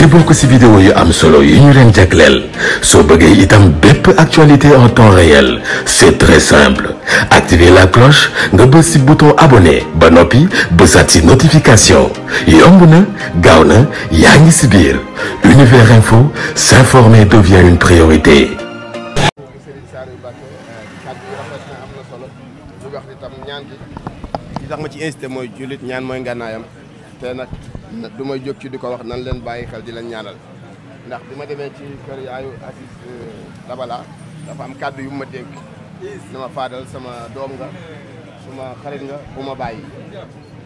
ci bokk si vidéo yu am solo yu ñu leen jagleel soo bëggee itam bépp actualité en temps réel c'est très simple activer la cloche nga bës si bouton abonné ba noppi bësaat si notification yomb na gaaw na yaa ngi si biir univers info s'informer devient une priorité. li tax ma ci incité mooy jullit ñaan mooy ngànnaayam te nag du may jóg ci di ko wax nan leen bàyyi xel di leen ñaanal ndax bi ma demee ci kër yaayu Aziz euh, Dabala dafa am kàddu yu ma dégg dama faadal sama doom nga suma xarit nga bu ma bàyyi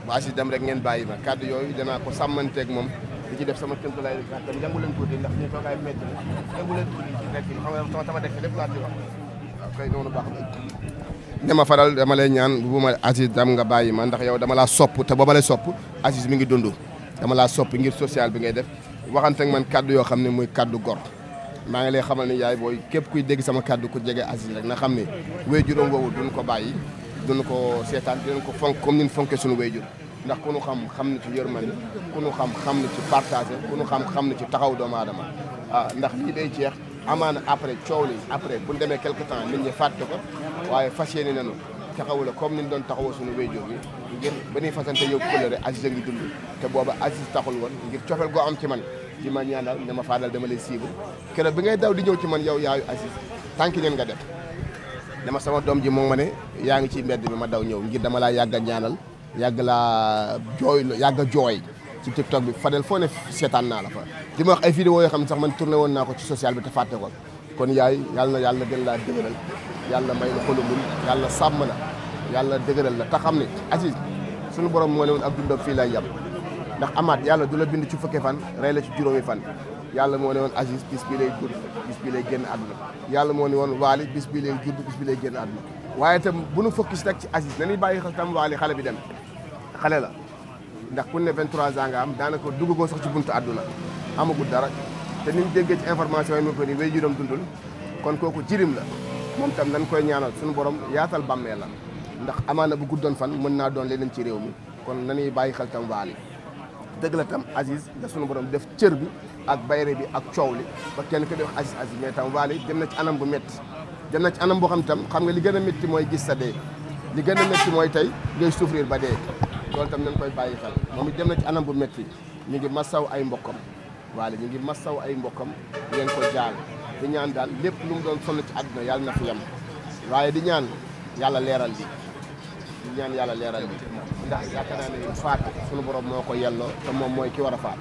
ba Aziz dem rek ngeen bàyyi ma kàddu yooyu danaa ko sàmmanteeg moom di ci def sama kéemtalaay kàttan jàngu leen la jàngu leen tuuti ci xam nga sama sama dëkk lépp laa di faral dama lay ñaan bu ma Aziz dam nga bàyyi ma ndax yow dama laa sopp te booba lay sopp Aziz mi ngi dund dama laa soppi ngir social bi ngay def waxante ak man kàddu yoo xam ne muy kàddu gor maa ngi lay xamal ne yaay booy képp kuy dégg sama kaddu ku jege Aziz rek na xam ne wéyjuram woowu duñ ko bàyyi duñ ko seetaan dinañ ko fonk comme ni ñu fonkee suñu wéyjur ndax ku nu xam xam na ci yërmande ku nu xam xam na ci partagé ku nu xam xam na ci taxaw doomu adama ah ndax lii day jeex amaana après coow li après bu ñu demee quelque temps nit ñi fàtte ko waaye fas yéene nañu taxawu la comme ni mu doon taxawoo suñu wéyjoo bi ngir ba ñuy fasante yow kóllëre Aziz a ngi dund te booba Aziz taxul woon ngir cofeel goo am ci man di ma ñaanal ne ma faadal demale lay siibu keroog bi ngay daw di ñëw ci man yow yaayu Aziz tànki neen nga def dama sama doom ji moom ma ne yaa ngi ci mbedd bi ma daw ñëw ngir dama laa yàgg a ñaanal yàgg laa jooy yàgg a jooy ci TikTok bi Fadel foo ne seetaan naa la fa di ma wax ay vidéo yoo xam sax man tourné woon naa ko ci social bi te fàtte ko kon yaay yàlla na yàlla na laa dëgëral yàlla may la xolu yàlla sàmm la yàlla dëgëral la te xam ne Aziz suñu borom moo ne woon ak dundam fii lay yem ndax amaat yàlla du la bind ci fukki fan rey la ci juróomi fan yàlla moo ne woon Aziz bis bii lay judd bis bii lay génn àdduna yàlla moo ne woon Waly bis bii lay judd bis bii lay génn àdduna waaye itam bu nu focus rek ci Aziz nañuy bàyyi xel tam Waly xale bi dem xale la ndax ku ne 23 ans nga am daanaka duggagoo sax ci bunt àdduna amagul dara te ni ñu déggee ci yi mu ko ni kon kooku jirim la moom tam dañ koy ñaanal suñu borom yaatal la ndax amaana bu doon fan mën naa doon leneen ci réew mi kon nañuy bàyyi xel tam waali dëgg la tam Aziz da suñu borom def cër bi ak bayre bi ak coow li ba kenn ko di wax Aziz Aziz mais tam waali dem na ci anam bu métti dem na anam boo xam tam xam nga li gën a métti mooy gis sa dee li gën a métti mooy tey ngay souffrir ba dee loolu tam nañ koy bàyyi xel moom it dem na ci anam bu métti ñu ngi massaw ay mbokkam waali ñu ngi massaw ay mbokkam ngeen ko jaal di ñaan daal lépp lu mu doon sonn ci àdduna yàlla na fi yem waaye di ñaan yàlla leeral bi di ñaan yàlla leeral bi ndax yaakaar naa ne faatu sunu borom moo ko yelloo te moom mooy ki war a faat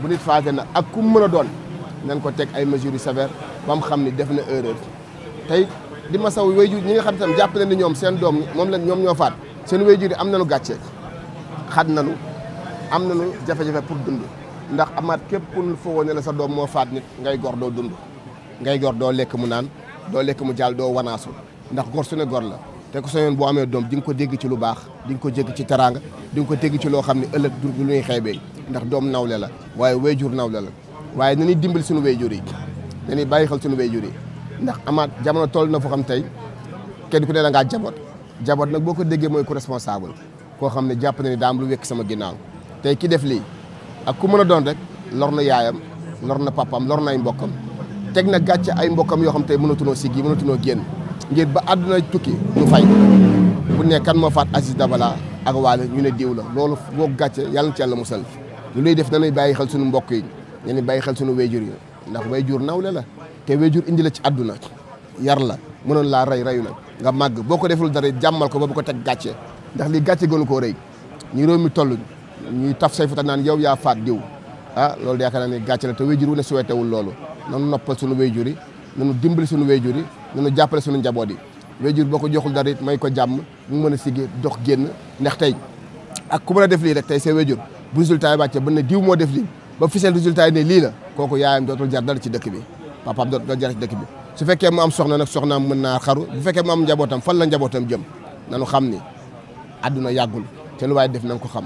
bu nit faate nag ak ku mu mën a doon nañ ko teg ay mesures yu sévères ba mu xam ni def na erreur tey di ma saw wayjur ñi nga xam tam jàpp leen ni ñoom seen doom moom lañ ñoom ñoo faat seen wayjur yi am nañu gàcce xat nañu am nañu jafe-jafe pour dund ndax amaat képp ku foo ne la sa doom moo faat nit ngay gor doo dund ngay gor doo lekk mu naan doo lekk mu jaal doo wanaasu ndax gor su ne gor la te ku sa yoon boo amee doom di nga ko dégg ci lu baax di nga ko dégg ci teraanga di ko dégg ci loo xam ne ëllëg du lu ñuy xeebee ndax doom nawle la waaye wayjur nawle la waaye nañuy dimbali suñu wayjur yi nañuy bàyyi xel suñu wayjur yi ndax amaat jamono toll na foo xam tey kenn ku ne da ngaa jaboot jaboot nag boo ko déggee mooy ku responsable koo xam ne jàpp na ne daa lu wekk sama ginnaaw tey ki def lii ak ku mën a doon rek lor na yaayam lor na papam lor na ay mbokkam teg na gàcce ay mbokkam yoo xam te mënatunoo siggi mënatunoo génn ngir ba àdduna tukki ñu fay bu ne moo faat Aziz Dabala ak waale ñu ne diw la loolu boo gàcce yàlla na ci yàlla musal lu luy def nanuy bàyyi xel suñu mbokk yi nanuy bàyyi xel suñu wéyjur yi ndax wéyjur nawle la te wéyjur indi la ci àdduna yar la mënoon laa rey reyu la nga màgg boo ko deful dara jàmmal ko ba bu ko teg gàcce ndax li gàcce gënu koo rëy ñu réew mi toll ñuy taf say fata naan yow yaa faat diw ah loolu yaakaar naa ne gàcce la te wéyjur wu ne suwetewul loolu nanu noppal suñu wéyjur yi nanu dimbali suñu wéyjur yi nanu jàppale suñu njaboot yi wéyjur boo ko joxul dara may ko jàmm mu mën a siggi dox génn ndax tey ak ku mën a def lii rek tey see wéyjur bu résultat yi wàccee ba ne diw moo def lii ba fi seen résultat yi ne lii la kooku yaayam dootul jar dara ci dëkk bi papaam dootul jar ci dëkk bi su fekkee mu am soxna nag soxnaam mën naa xaru bu fekkee mu am njabootam fan la njabootam jëm nanu xam ni àdduna yàggul te lu def na ko xam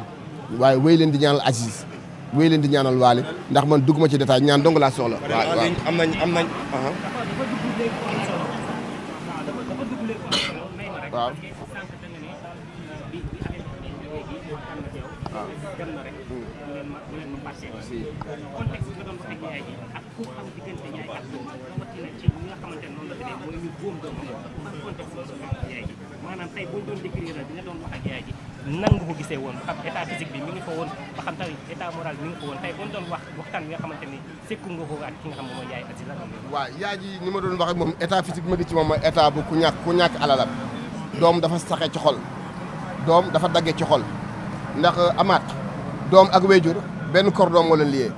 waaye wéy leen di ñaanal Aziz wéy leen di ñaanal waali ndax man dugguma ci détail ñaan dong laa soxla. waaw nan nga ko gisee woon ba xam état physique bi mi ngi fa woon ba xam tamit état moral bi mi nga xamante ni sekku nga ko ak ki nga xam ne mooy yaay Aziz la waaw yaay ji ni ma doon wax moom état physique bi ma di ci moom mooy état bu ku ñàkk ku ñàkk alalam doom dafa saxe ci xol doom dafa dagge ci xol ndax euh, amaat doom ak wéjur benn cordon moo leen liyee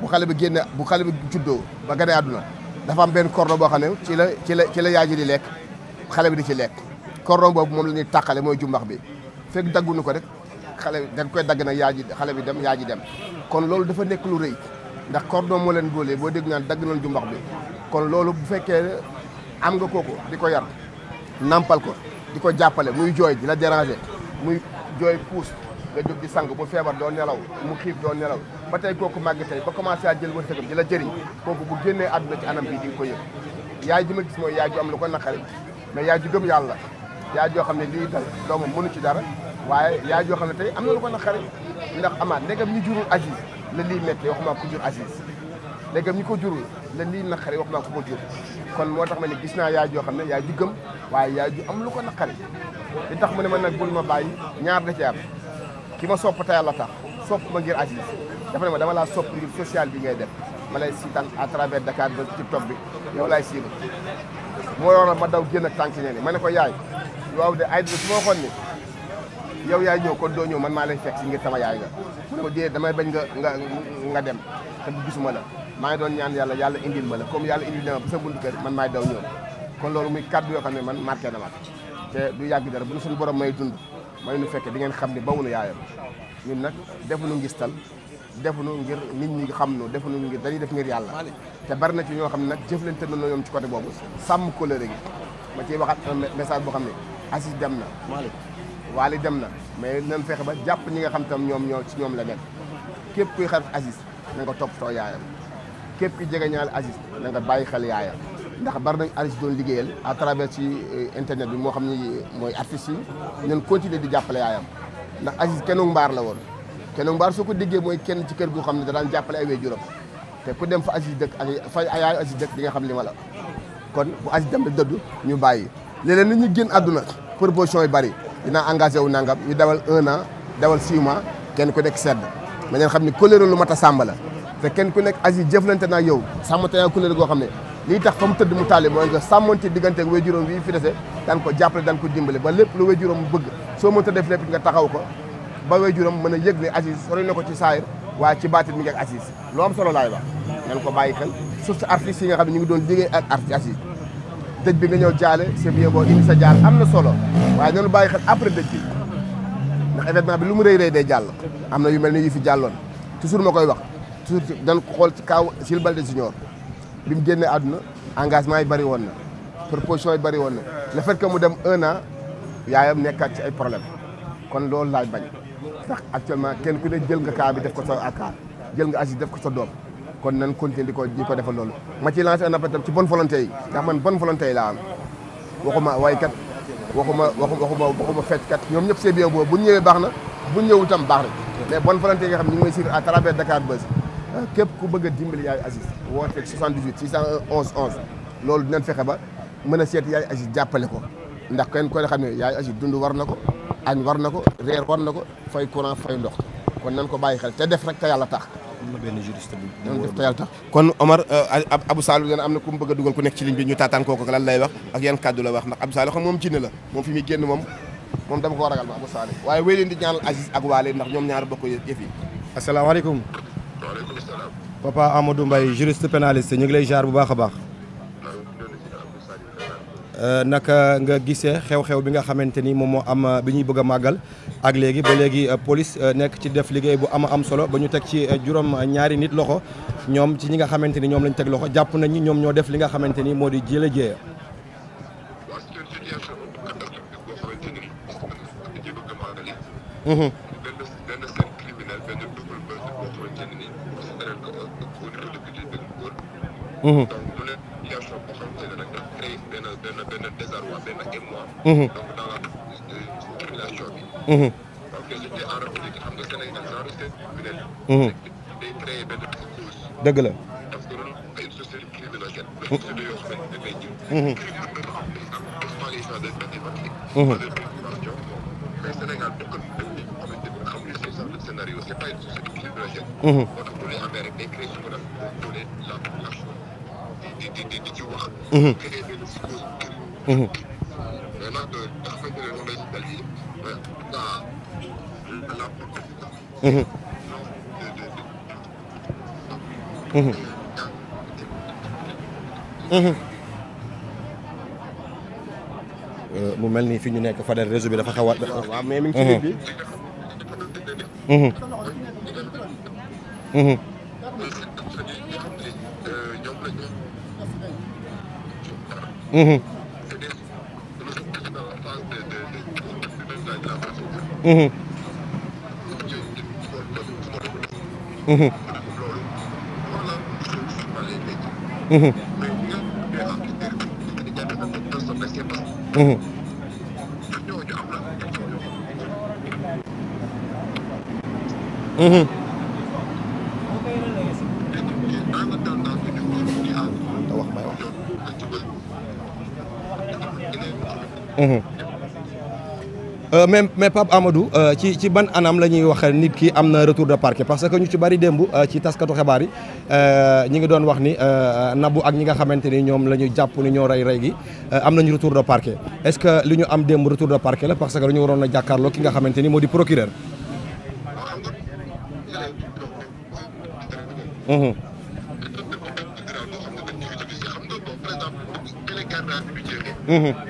bu xale bi génne bu xale bi juddoo ba gane àdduna dafa am benn cordon boo xam ne ci la ci la ci la yaay ji di lekk xale bi di ci lekk cordon boobu moom la ñuy tàqale mooy jumbax bi fekk dagguñu ko rek xale da koy dagg nag yaa ji xale bi dem yaa ji dem kon loolu dafa nekk lu rëy ndax cordon moo leen boolee boo dégg naan dagg nañ jumbax bi kon loolu bu fekkee am nga kooku di ko yar nampal ko di ko jàppale muy jooy di la muy jooy puus nga jóg di sang mu feebar doo nelaw mu xiif doo nelaw ba tey kooku màgg tey ba commencé à jël wërsëgam di la jëriñ kooku bu génnee àdduna ci anam bii di nga ko yëg yaay ji ma gis mooy yaay ju am lu ko naqari mais yaay ju gëm yàlla yaa joo xam ne lii dal doomam mënu ci dara waaye yaa joo xam ne tey am na lu ko naqari ndax amaat ndegam ñu jurul Aziz la lii métti waxumaa ko jur Aziz ndegam ñi ko jurul la lii naqari waxumaa ko ko jur kon moo tax ma ne gis naa yaa joo xam ne yaa ju gëm waaye yaa ju am lu ko naqari li tax mu ne ma nag bul ma bàyyi ñaar da ci am ki ma sopp te la tax sopp ma ngir Aziz dafa ne ma dama laa sopp ngir sociale bi ngay def ma lay siitaan à travers Dakar ba TikTok bi yow laay siiba moo waral ma daw génn ak tànk ne ma ne ko yaay waaw de ay su ma waxoon ni yow yaay ñëw kon doo ñëw man maa lay fekk si ngir sama yaay nga mu ne ma déedéet damay bañ nga nga nga dem te bu gisuma la maa ngi doon ñaan yàlla yàlla indil ma la comme yàlla indil na ma ba sa buntu kër man maay daw ñëw kon loolu muy kàddu yoo xam ne man marqué na ma te du yàgg dara bu nu suñu borom may dund may nu fekkee di ngeen xam ni bawunu yaayam ñun nag defuñu ngistal defuñu ngir nit ñi xam nu defuñu ngir dañuy def ngir yàlla te bari na ci ñoo xam ne nag jëflante nañu ñoom ci côté boobu sàmm kóllëre gi ma ciy waxaat message boo xam ne Aziz dem na. Malick Waly dem na. mais nañ fexe ba jàpp ñi nga xam tam ñoom ñoo ci ñoom la nekk képp kuy xarit Aziz na ko topp yaayam képp ki jegeñaal Aziz na nga bàyyi xel yaayam. ndax bari nañ Aziz doon liggéeyal à travers ci euh, internet bi moo xam ni mooy artistes yi nañ di jàppale yaayam ndax Aziz kenn mbaar la woon kenn mbaar soo ko déggee mooy kenn ci kër goo xam ne da daan jàppale ay waajuram te ku dem fa Aziz dëkk ak fa yaayu Aziz dëkk di nga xam li ma la kon bu Aziz dem da dëdd ñu bàyyi léeg-léeg nit ñi génn àdduna proposition yu bari dinaa engagé wu nangam ñu dawal un dawal six mois kenn ku nekk sedd ma ngeen xam ni colère lu mat a sàmm la te kenn ku nekk asi jëflante naa yow sàmmante naa colère goo xam ne lii tax fa mu tëdd mu taale mooy nga sàmmante diggante ak waajuram wi fi dese daan ko jàppale daan ko dimbale ba lépp lu waajuram bëgg soo mënta def lépp nga taxaw ko ba waajuram mën a yëg ne asi sori na ko ci saayir waaye ci baatit mi ngi ak am solo laay ko bàyyi xel surtout artistes yi nga xam ne ñu ngi doon liggéey ak artistes dëj bi nga ñëw jaale c'est bien bon indi sa jaar am na solo waaye noonu bàyyi xel après dëj bi ndax événement bi lu mu rëy rëy day jàll am na yu mel ni yu fi jàlloon toujours ma koy wax toujours dañ ko xool ci kaw Jules si Junior bi mu génnee àdduna engagement yi bëri woon na proposition yi woon na le fait que mu dem un an nekkaat ci ay problème kon loolu laay bañ ndax actuellement kenn ku ne jël nga kaa bi def ko sa akaar jël nga asi def ko sa doom kon nañ continuer di ko di ko defal loolu ma ci lancé un appel tam ci bonne volonté yi ndax man bonne volonté yi laa am waxuma waykat waxuma waxuma waxuma feckat ñoom ñëpp seen bien boobu bu ñëwee baax na bu ñëwul tam baax rek mais bonne volonté yi nga xam ñu ngi may suivre à travers Dakar Buzz ah, képp ku bëgg a dimbali yaayu Aziz woote 78 611 11 loolu dinañ fexe ba mën a seet yaayu Aziz jàppale ko ndax kenn ko xam ne yaayu Aziz dund war na ko añ war na ko reer war na ko fay courant fay ndox kon nañ ko bàyyi xel te def rek te yàlla tax am kon Omar euh, Abou Saloum dana am na ku mu bëgg a dugal ku nekk ci ligne bi ñu taataan kooku lan lay wax ak yan kàddu la wax ndax Abou Saloum xam moom jinne la moom fi muy génn moom moom dama ko ragal ma Abou Saloum waaye wéy leen di ñaanal Aziz ak Waale ndax ñoom ñaar bokk yëf yi. asalaamaaleykum. waaleykum salaam. papa Amadou Mbaye juriste pénaliste ñu ngi lay jaar bu baax a baax. Euh, naka nga gisee xew-xew bi nga xamante ni moom moo am euh, bi ñuy bëgg a màggal ak léegi ba léegi euh, police nekk ci def liggéey bu ama am solo ba ñu teg ci juróom ñaari nit loxo ñoom ci ñi nga xamante ni ñoom lañ teg loxo jàpp nañ ñoom ñoo def li nga xamante ni moo di jëla jëye mm-hmm. Mm-hmm. donc daawaat population bi. parce que liggéey en république xam nga Sénégal genre société criminelle. day créé benn cause. dëgg la parce que loolu ay société criminelle. donc société yoo xam ne dafay ji. expansion des pratiques. des préoccupations mais Sénégal bokk na dëkk yi nga xamante ne xamuñu ce genre de scénario c'est pas une société criminelle. moo tax bu dee amee rek day créé suñu naan bu dee la population di di di di ci wax. créé benn cause. mais nag li nga xamante ne moom la ñu dal yi mu mel ni fi ñu nekk Fadel réseau bi dafa xaw a. waaw mais mi ngi ci mhm. biir bi. Mhm. Mhm. Euh, ñoom Mmh. Mmh. Mmh. Mmh. Euh, mais mais Pape Amadou euh, ci ci ban anam la ñuy wax nit ki am na retour de parquet parce que ñu ci bari démb euh, ci taskatu xibaar yi ñi ngi doon wax ni nabu ak ñi nga xamante ni ñoom la ñu jàpp ni ñoo rey rey gi am nañu retour de parquet est-ce que li ñu am démb retour de parquet la parce que dañu waroon a jàkkaarloo ki nga xamante ni moo di procureur. Mhm. Mhm.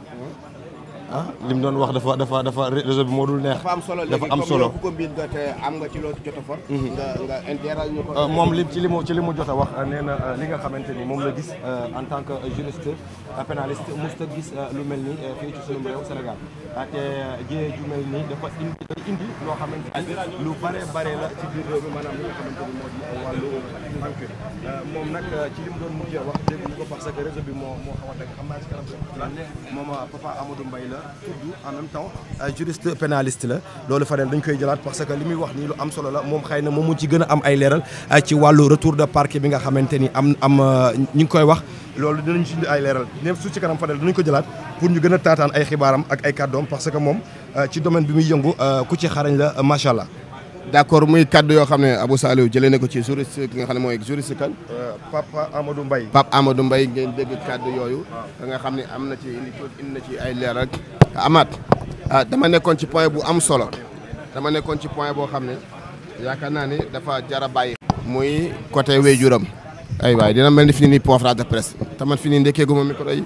ah li mu doon wax dafa dafa dafa réseau bi moo dul neex. dafa am solo léegi comme yow nga te am nga ci loo jot mhm. euh, moom li ci li mu ci li mu jot a wax euh, nee na euh, li nga xamante ni moom la gis en tant que juriste pénaliste musta gis lu mel ni fii ci suñu réew Sénégal te jiyee ju mel ni dafa indi day indi loo xamante ni lu bare bare la ci biir réew mi moom nag ci li mu doon mujjee wax dégg ko parce que réseau bi moo moo xamante ne xam naa ci kanam moom la. tudd en même temps ay euh, juriste pénaliste la loolu Fadel dañ koy jëlaat parce que li muy wax nii lu am solo la moom xëy na moom mu ci gën am ay leeral euh, ci wàllu retour de parquet bi nga xamante ni am am euh, ñu ngi koy wax loolu dinañ ci indi ay leeral ne su ci kanam Fadel dinañ ko jalaat pour ñu gën a taataan ay xibaaram ak ay kàddoom parce que moom ci domaine bi muy yëngu ku ci xarañ la macha allah. d' accord muy kaddu yoo xam ne Abou Saliou jëlee na ko ci juriste ki nga xam ne mooy juriste kan. Euh, Papa Amadou Mbaye. Papa Amadou Mbaye ngeen dégg kaddu yooyu. nga xam ni am na ci indi indi na ci ay leer ak amaat ah dama nekkoon ci point bu am solo dama nekkoon ci point boo xam ne yaakaar naa ne dafa jar a bàyyi. muy côté wéjuram. ay waay dina mel ni fi ni conférence de presse tamat ni ndekkee gu ma micro yi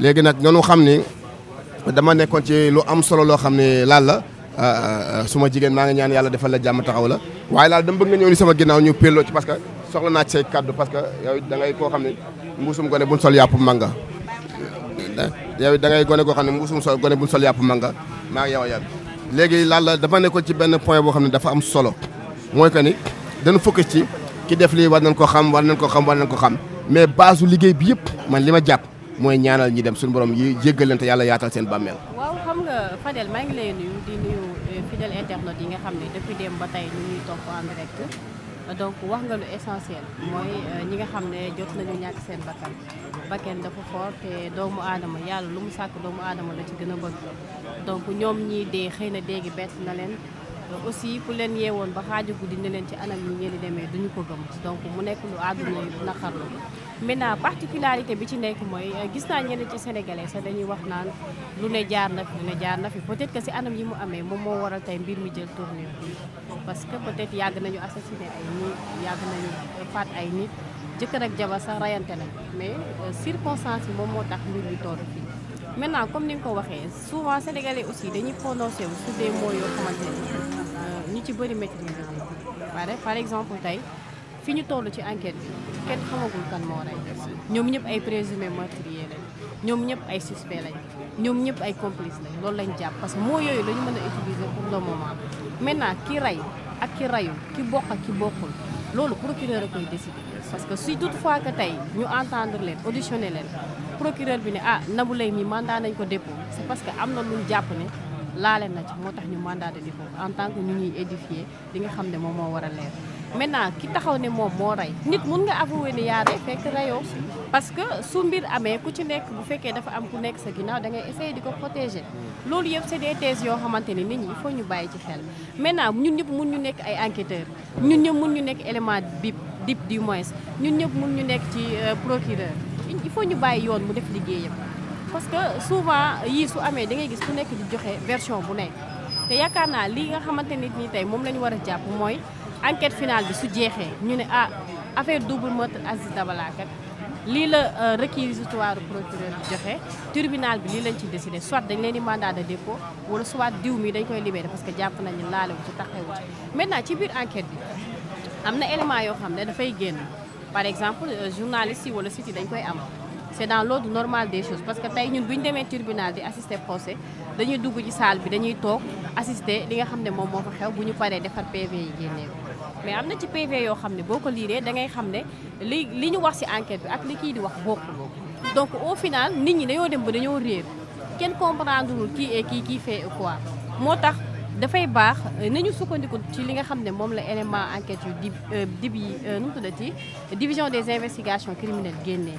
léegi nag noonu xam ni dama nekkoon ci lu am solo loo xam ne laal la. Ah, ah, ah, suma jigéen maa ngi ñaan yàlla defal la jàmm taxaw la waaye laal dama bëgg nga ñëw ni sama ginnaaw ñu pelloo ci que soxla naa ci say kaddu parce que yow da koo xam ne mbuusum gone bul sol yàpp manga yow da ngay gone koo xam ne mbuusum sol gone bul sol yàpp manga maa ngi yow yàlla léegi laal la dama ne ko ci benn point boo xam ne dafa am solo mooy que ni dañu focus ci ki def lii war nañ ko xam war nañ ko xam war nañ ko xam mais base liggéey bi yëpp man li ma jàpp mooy ñaanal ñi dem suñu boroom yi jéggalante yàlla yaatal seen bàmmeel. waaw xam nga Fadel maa ngi lay nuyu di nuyu eh, fidèle internet yi nga xam ne depuis dem ba tey ñu ñuy topp en direct donc wax nga lu essentiel mooy eh, ñi nga xam ne jot nañu ñàkk seen bakkan bakkan dafa fort te doomu aadama yàlla lu mu sàkk doomu aadama la ci gën a bëgg donc ñoom ñii dee xëy na dee gi na leen aussi ku leen woon ba xaaju guddi na leen ci anam yi ngeen di demee ko gëm donc mu nekk lu maintenant particularité bi ci nekk mooy euh, gis naa ñenn ci sénégalais sax dañuy wax naan lu ne jaar na fi lu ne jaar na fi peut-être que si anam yi mu amee moom moo waral tey mbir mi jël tournure parce que peut-être yàgg nañu assassiné ay nit yàgg nañu faat ay nit jëkkër ak jabar sax rayante na mais euh, circonstance yi moom moo tax mbir mi toll fii maintenant comme ni nga ko waxee souvent sénégalais aussi dañuy prononcé wu sur des mots yoo euh, ci bëri maîtrise waaye par exemple tey fi ñu toll ci enquête bi kenn xamagul kan moo rey ñoom ñëpp ay présumé meurtrier lañ ñoom ñëpp ay suspect lañ ñoom ñëpp ay complice lañ loolu lañ jàpp parce que moo yooyu lañu mën a utiliser pour le moment maintenant ki rey ak ki reyul ki bokk ak ki bokkul loolu procureur a koy décider parce que si fois que tey ñu entendre leen auditionné leen procureur bi ne ah nabu Leye mi mandat nañ ko déppoo c'est parce que am na luñ jàpp ne laale na ci moo tax ñu mandat de dépôt en tant que ñu ñuy édifier li xam ne moom moo war a maintenant ki taxaw ne moom moo rey nit mun nga avouer ni yaa rey fekk reyoo parce que su mbir amee ku ci nekk bu fekkee dafa am ku nekk sa ginnaaw da ngay essayer di ko protéger loolu yëpp c'est des thèses yoo xamante nit ñi il ñu bàyyi ci xel maintenant ñun ñëpp mun ñu nekk ay enquêteurs ñun ñëpp mun ñu nekk élément bip dip du moins ñun ñëpp mun ñu nekk ci euh, procureur il faut ñu bàyyi yoon mu def liggéeyam parce que souvent yii su amee da ngay gis su nekk di joxe version bu nekk yaakaar naa lii nga xamante nit ñi tey moom la ñu war a jàpp mooy enquête finale bi su jeexee ñu ne ah affaire double meurtre Aziz Dabala lii la euh, réquisitoire procureur bi joxe tribunal bi lii lañ ci décidé soit dañ leen di mandat de dépôt wala soit diw mi dañ koy libéré parce que jàpp nañu laalewu ci taxewu ci maintenant ci biir enquête bi am na élément yoo xam ne dafay génn par exemple euh, journaliste yi wala site yi dañ koy am c'est dans l'ordre normal des choses parce que tey ñun bu ñu demee tribunal di assister procès dañuy dugg ci bi dañuy toog assister li nga xam ne moom moo xew bu ñu paree defar PV yi génnee mais am na ci PV yoo xam ne boo ko liiree da ngay xam ne li li ñu wax ci enquête bi ak li kii di wax bokkul donc au final nit ñi dañoo dem ba dañoo réer kenn comprendre wul kii et kii kii fait quoi moo tax dafay baax euh, nañu sukkandiku ci li nga xam ne moom la élément enquête yu di euh, dib yi euh, nu mu division des investigations criminelles génnee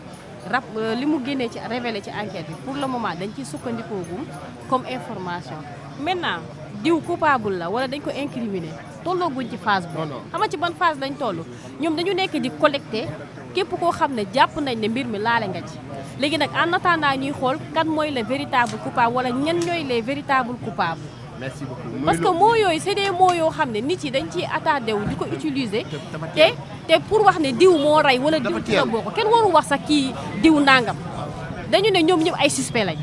rap li mu génnee ci révélé ci enquête bi pour le moment dañ ciy sukkandikoogum comme information maintenant diw coupable la wala dañ ko incriminé tollooguñ ci phase bu xama ci ban phase lañ toll ñoom dañu nekk di collecté képp koo xam ne jàpp nañ ne mbir mi laale nga ci léegi nag en attendant ñuy xool kan mooy le véritable coupable wala ñan ñooy les véritables coupables merci beaucoup parce que moo yooyu c'est des mots yoo xam ne nit yi dañ ci attardé wu di ko utiliser te te pour wax ne diw moo rey wala diw ci la bokk kenn warul wax sax kii diw nangam dañu ne ñoom ñëpp ay suspect lañ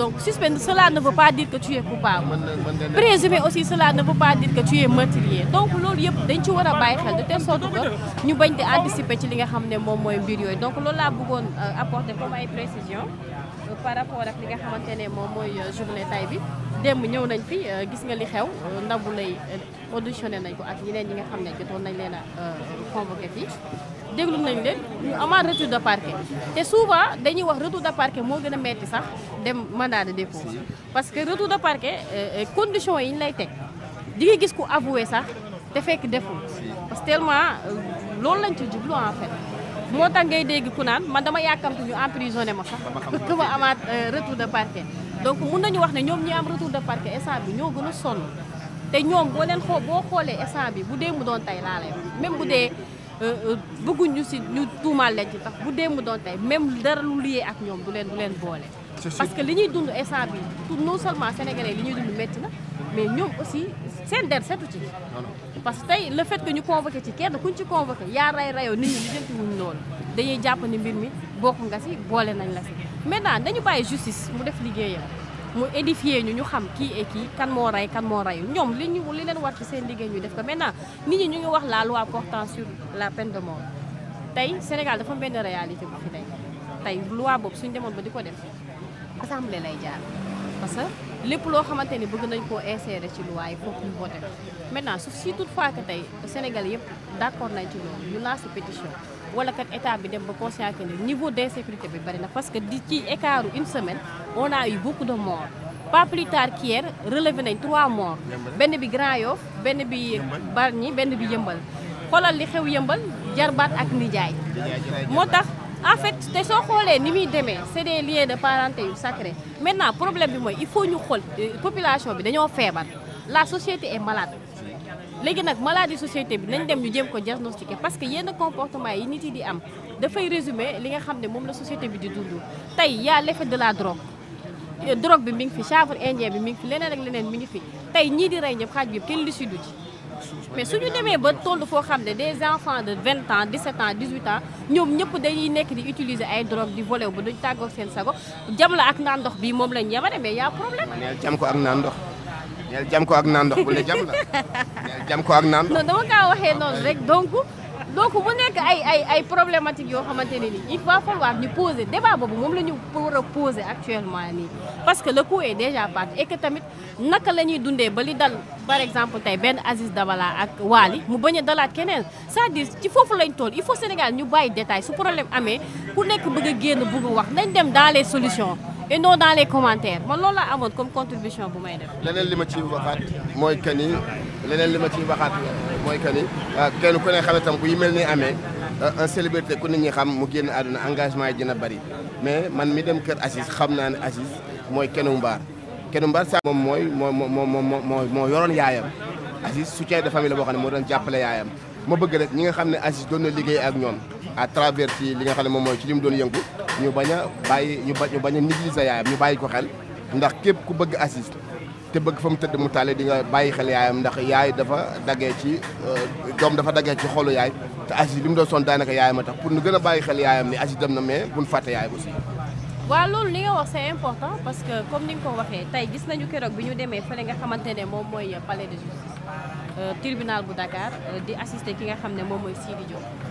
Donc suspendre, cela ne veut pas dire que tu es coupable. Présumer aussi, cela ne veut pas dire que tu es Donc loolu yëpp dañ ci war a bàyyi xel de telle sorte que ñu bañ di anticiper ci li nga xam ne moom mooy mbir yooyu donc loolu laa bëggoon euh, apporter comme ay précision euh, par rapport ak li nga xamante ne moom mooy euh, journée tay bi démb ñëw nañ fi gis nga li xew ndabu lay auditionné nañ ko ak yeneen ñi nga xam ne jotoon nañ leen a convoqué fii déglu nañ leen ñu amaat retour de parquet te souvent dañuy wax retour de parquet moo gën a metti sax dem mandat de dépôt parce que retour de parquet euh, euh, condition yi ñu lay teg di nga gis ku avoué sax te fekk deful parce que tellement euh, loolu lañ ci jublu en fait moo tax ngay dégg ku naan man dama yàkkamtu en emprisonné ma sax que ma amaat retour de parquet donc mun nañu wax ne ñoom ñi am retour de parquet instant bi ñoo gën a sonn te ñoom boo leen xoo boo xoolee instant bi bu dee doon tey Euh, euh, bëgguñu si ñu tuumaal leen ci tax bu démb doon tey même dara lu liyee ak ñoom du leen du leen boole. parce que li ñuy dund instant bi pour non seulement sénégalais li ñuy dund métti na mais ñoom aussi seen der setu ci. parce que tey le fait que ñu convoqué ci kenn kuñ ci convoqué yaa ray rayoo nit ñi lijjanti wuñ loolu dañuy jàpp ni mbir mi bokk nga si boole nañ la si maintenant nañu bàyyi justice mu def liggéeyam. mu édifier ñu ñu xam kii et kii kan moo rey kan moo reyu ñoom li ñu li leen war ci seen liggéey ñu def ko maintenant nit ñi ñu ngi wax la loi portant sur la pen de mort tey Sénégal dafa benn réalité bu fi tey tey loi boobu suñ demoon ba di ko def assemblée lay jaar parce que lépp loo xamante ni bëgg nañ koo insérer ci loi yi foofu ñu voté maintenant su si toutefois que tey Sénégal yëpp d'accord nañ ci loolu ñu lancé pétition wala kat état bi dem ba conscient que ne niveau d'insécurité bi bari na parce que di ci écart une semaine on a eu beaucoup de morts pas plus tard qu'hier relevé nañ trois morts benn bi Grand Yoff benn bi Bargny benn bi Yëmbal xoolal li xew Yëmbal jarbaat ak nijaay moo tax en fait te soo xoolee ni muy demee c'est des liens de parenté yu sacré maintenant problème bi mooy il faut ñu xool population bi dañoo feebar la société est malade léegi nag malaadi societé bi nañ dem ñu jéem ko diagnostiquer parce que yenn comportement yi nit yi di am dafay résumer li nga xam ne moom la société bi di dund tey y'a l'effet de la drogue euh, drogue bi mi ngi fi chanvre indien bi mi ngi fi leneen ak leneen mi ngi fi tey ñii di rey ñëpp xaaj bi kenn li si du ci mais suñu demee ba toll foo xam ne des enfants de 20 ans 17 ans 18 ans ñoom ñëpp dañuy nekk di utiliser ay drogue di voler ba duñ tàggoog seen sago jam la ak naan bi moom lañ yemale mais y'a problème. jam ko ak naan ñeel jam ko ak naan ndox jam la jam ko ak naan ndox. non dama kaa waxee noonu rek donc donc nekk ay ay ay problématique yoo xamante ne nii il va falloir ñu poser débat boobu moom la ñu war a poser actuellement nii. parce que la coup est déjà parti et tamit naka la ñuy dundee ba li dal par exemple tey benn Aziz Dabala ak Waly mu bañ a dalaat keneen cest à ci foofu lañ toll il faut Sénégal ñu bàyyi détail su problème amee ku nekk bëgg a génn bëgg wax nañ dem dans les solutions. indoo dans les commentaires man loolu amoon comme contribution bu may def. leneen li ma ciy waxaat mooy que ni leneen li ma ciy waxaat mooy que ni euh, kenn ku ne xam ne tam bu yi mel ni amee euh, un célébrité ku nit ñi xam mu génn àdduna engagement yi dina bari mais man mi dem kër Aziz xam naa ne Aziz mooy kenu mbaar kenu mbaar sa moom mooy moo moo moo moo yoroon yaayam Aziz soutien de famille la boo xam ne moo doon jàppale yaayam ma bëgg rek ñi nga xam ne Aziz doon na liggéey ak ñoom. à travers ci li nga xam ne moom mooy ci li mu doon yëngu ñu baña a bàyyi ñu bañ a négliger yaayam ñu bàyyi ko xel ndax képp ku bëgg assiste te bëgg fa mu tëdd mu taale di nga bàyyi xel yaayam ndax yaay dafa daggee ci euh, doom dafa daggee ci xoolu yaay te assiste li mu doon sonn daanaka yaayam a tax pour nu gën a bàyyi xel yaayam ni assiste dem na mais buñ fàtte yaayam aussi waaw loolu li nga wax c'est important parce que comme ni nga ko waxee tey gis nañu keroog bi ñu demee fële nga xamante ne moom mooy palais de justice euh, tribunal bu Dakar euh, di assister ki nga xam ne moom